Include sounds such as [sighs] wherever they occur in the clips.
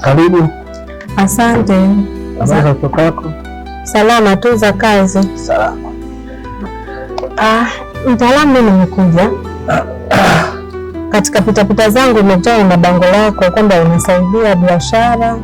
Karibu. Asante. Habari za kutoka kwako? Salama tu za kazi. Salama. Ah, mtaalamu, mimi nimekuja katika pitapita zangu nimekutana na bango lako kwamba unasaidia biashara,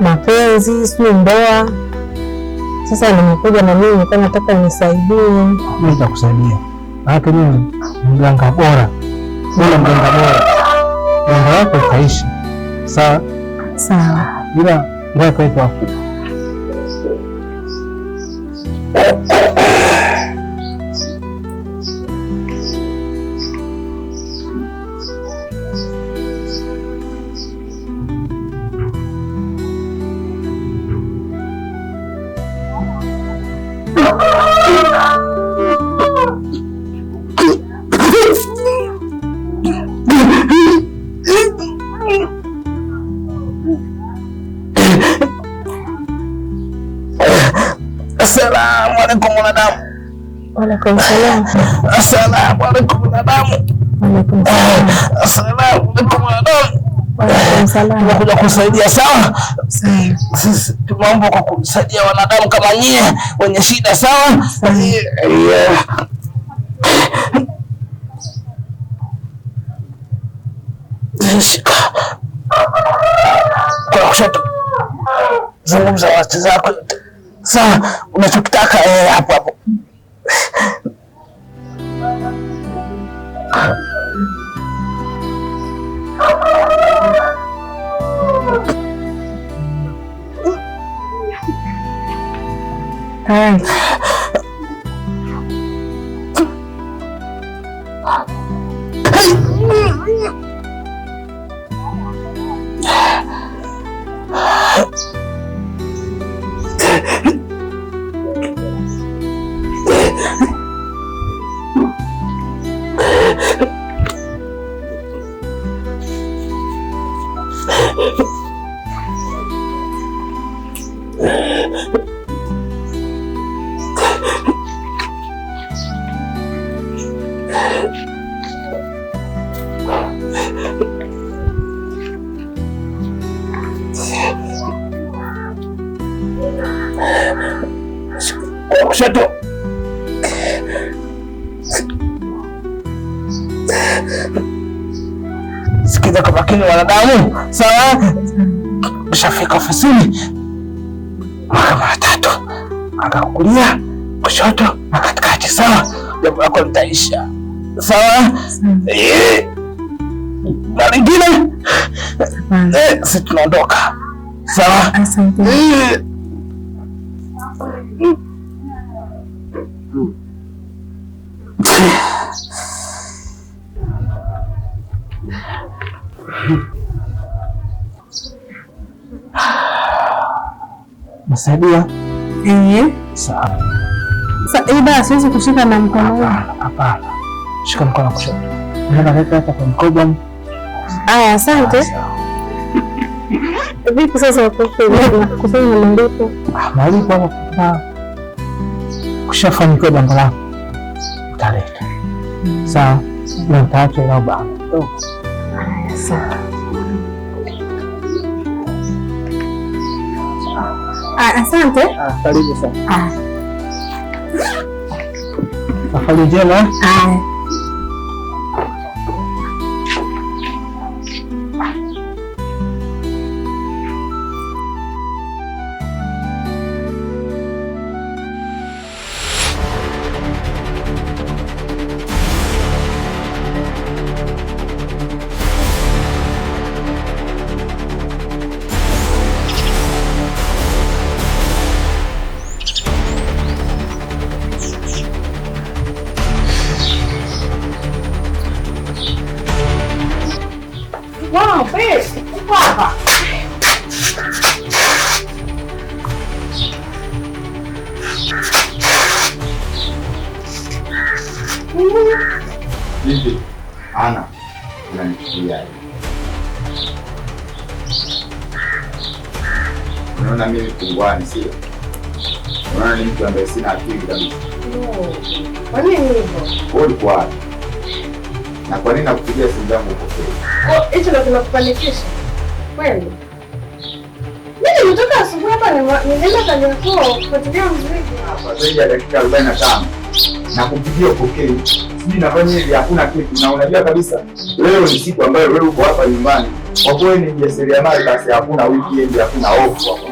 mapenzi, sijui ndoa. Sasa nimekuja na mimi nilikuwa nataka unisaidie. Nitakusaidia maanake mimi mganga bora, bora mganga bora, mganga wako kaishi sawa sawa, ila ngoja kaitwafu dadamu. Asalamu Asalamu kusaidia sawa. Sisi tumeomba kwa kumsaidia wanadamu kama nyie wenye shida sawa. Kwa kushoto, zungumza sawa. unachokitaka wewe hapo hapo. kusikiza kwa makini wanadamu. Sawa, mshafika ofisini, mwaka mara tatu, akakulia kushoto na katikati. Sawa, jambo lako litaisha. Sawa, eh? na lingine eh, si tunaondoka. Sawa, [sighs] Nasaidia. Eh. Sawa. Sasa iba siwezi kushika na mkono huu. Hapana. Shika mkono wa kushoto. Nenda leta hapa kwa mkoba. Aya, asante. Vipi sasa kufanya malipo? Ah, malipo hapa. Kushafanikiwa jambo lako. Utaleta. Hmm. Sawa. Na mtaache lao bana. 알았어. 아, asante. Ah, karibu sana. Ah. Afalije na? Ah. na mimi pungwani, sio? Unaona ni mtu ambaye sina akili kabisa. Kwa nini hivyo? wapi? Na kwa nini nakupigia simu zangu oh, Hicho ndio kinakufanikisha kweli? Mimi asubuhi hapa kufuatilia hapa zaidi ya dakika arobaini na tano na kupigia nafanya hivi, hakuna kitu. Na unajua kabisa leo ni siku ambayo wewe uko hapa nyumbani, kwa kweli ni mjasiriamali, basi hakuna weekend, hakuna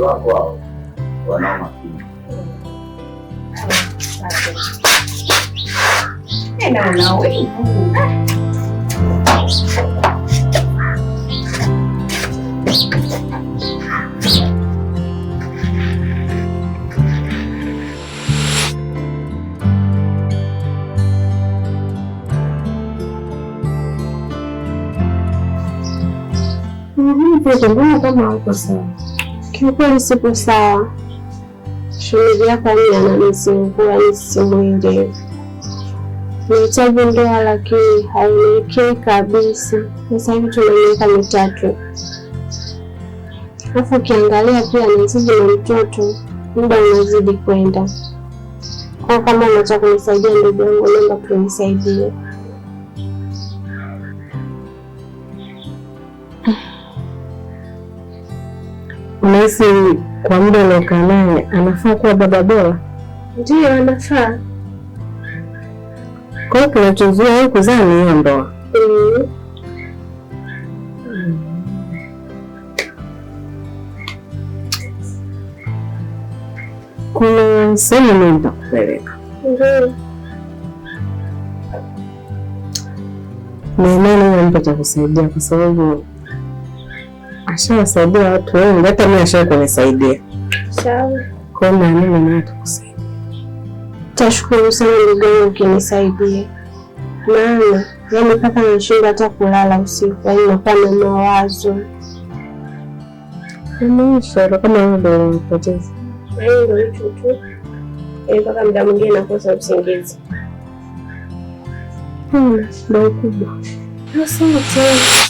wazazi wako hao wanao makini. kama uko sawa? Kiukweli sipo sawa, shughuli yako amina nanisumbua, nisimuelewe. Nahitaji ndoa lakini haelekei kabisa. Sasa hivi tuna miaka mitatu, alafu ukiangalia pia nazidi na mtoto, muda unazidi kwenda. Kwa kama unataka kunisaidia ndugu yangu, naomba tunisaidie. unahisi kwa muda unaokaa naye anafaa kuwa baba bora? Ndiyo, anafaa. Kwa hiyo kinachozua wewe kuzaa ni hiyo ndoa. Mm. Kuna sehemu mimi nitakupeleka. Ndiyo. Na imani hiyo mtu atakusaidia kwa sababu Ashawasaidia watu wengi, hata mimi ashawe kunisaidia. Sawa. Kwa hiyo naamini naye tukusaidia. Tashukuru sana ndugu yangu ukinisaidia, maana yaani mpaka nashinda hata kulala usiku, yaani nakuwa na mawazo mshoro kama ndio unipoteza yaani ndio hicho tu, yaani mpaka muda mwingine nakosa usingizi. Ndio kubwa. Asante.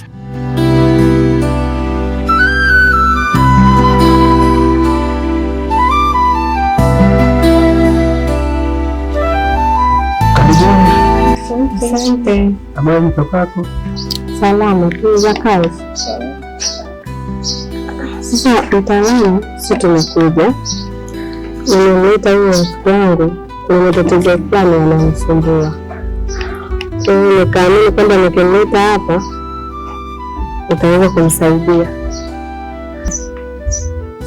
Asante. Habari mtoto wako? Salama tu za kazi. Sasa mtaalamu, si tumekuja, nimemleta huyo rafiki yangu, kuna matatizo fulani yanamsumbua. Kwa hiyo nikaamini kwamba nikimleta hapa utaweza kumsaidia.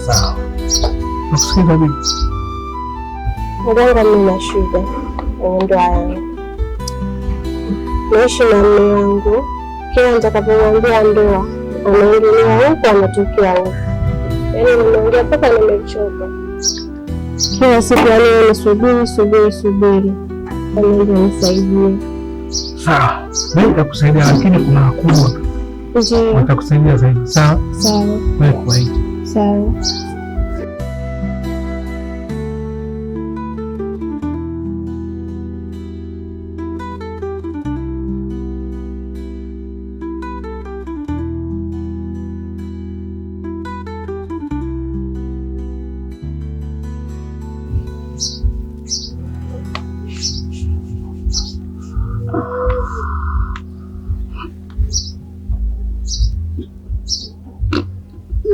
Sawa. Nakusikiza bibi. Mganga, mimi na shida ndoa yangu naishi na mume wangu, kila nitakapomwambia ndoa anaongelea huko, anatokea huko, yaani nimeongea mpaka nimechoka. Kila siku yaani nisubiri subiri subiri, anaomba nisaidie. Sawa, mimi nitakusaidia, lakini kuna wakubwa watakusaidia zaidi. Sawa sawa, wewe hiyo Sawa.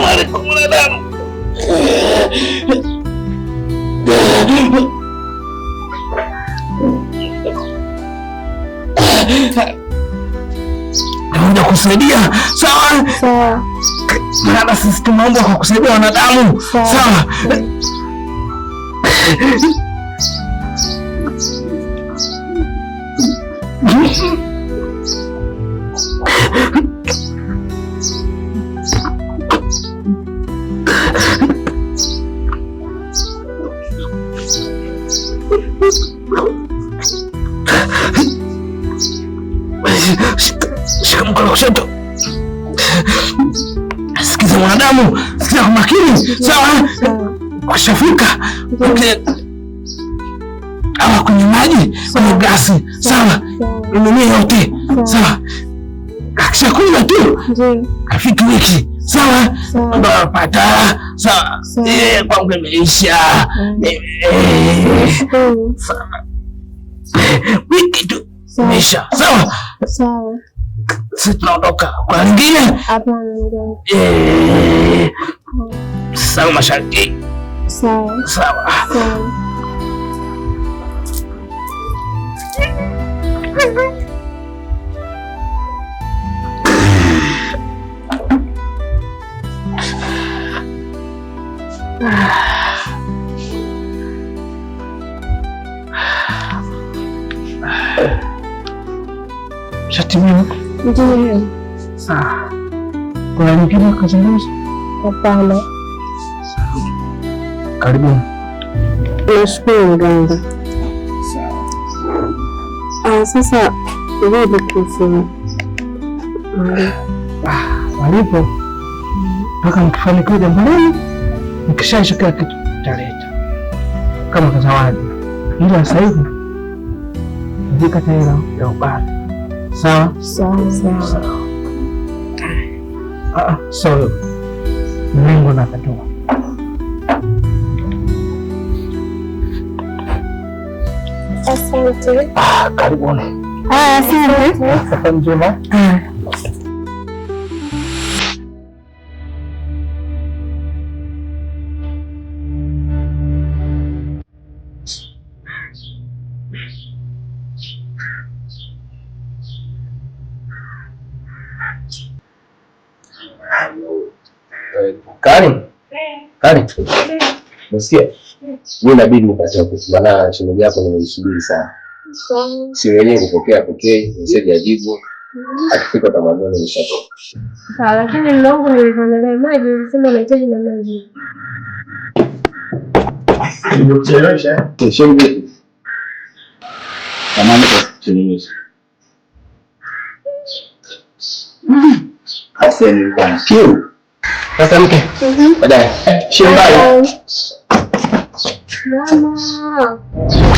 amali kwa mwanadamu. Naenda kusaidia sawa sawa, maana sisi tumeomba kwa kusaidia wanadamu sawa. [laughs] salamu sikia kwa makini sawa. Washafika eh, ama kwenye maji kwenye gasi sawa, mimi yote sawa. Akishakula tu afiki wiki sawa, apata sawa. Eh, kwangu imeisha eh, wiki tu imeisha sawa. tunaondoka, mwingine sawa. Mashariki sawa sawa. Ndiyo. Sawa. Kuna nyingine kuzungumza? Hapana. Sawa. Nashukuru mganga. Ah, sasa vipi kesi? Ah, walipo mpaka mkifanikiwa jambo lenu, mkishaishikia kitu taleta kama kazawadi, ila sasa hivi jikataela ya ubali Sawa sawa sawa. Ah, sorry. Mlingo na katoa. Asante. Ah, karibuni. Ah, asante. Asante njema. Ah. Kari? Kari? Nasikia? Mimi inabidi nipate kukutana na shughuli yako nimeisubiri sana. Si wenyewe kupokea pokea, msije ajibu. Akifika utamaduni nishatoka. Sawa, lakini mlongo nilifanya maji nilisema unahitaji na maji. Nimekuchelewesha. Shembe. Tamani kwa kuchelewesha. Asante sasa mke. Mhm. Baadaye. Eh, shimbai. Mama.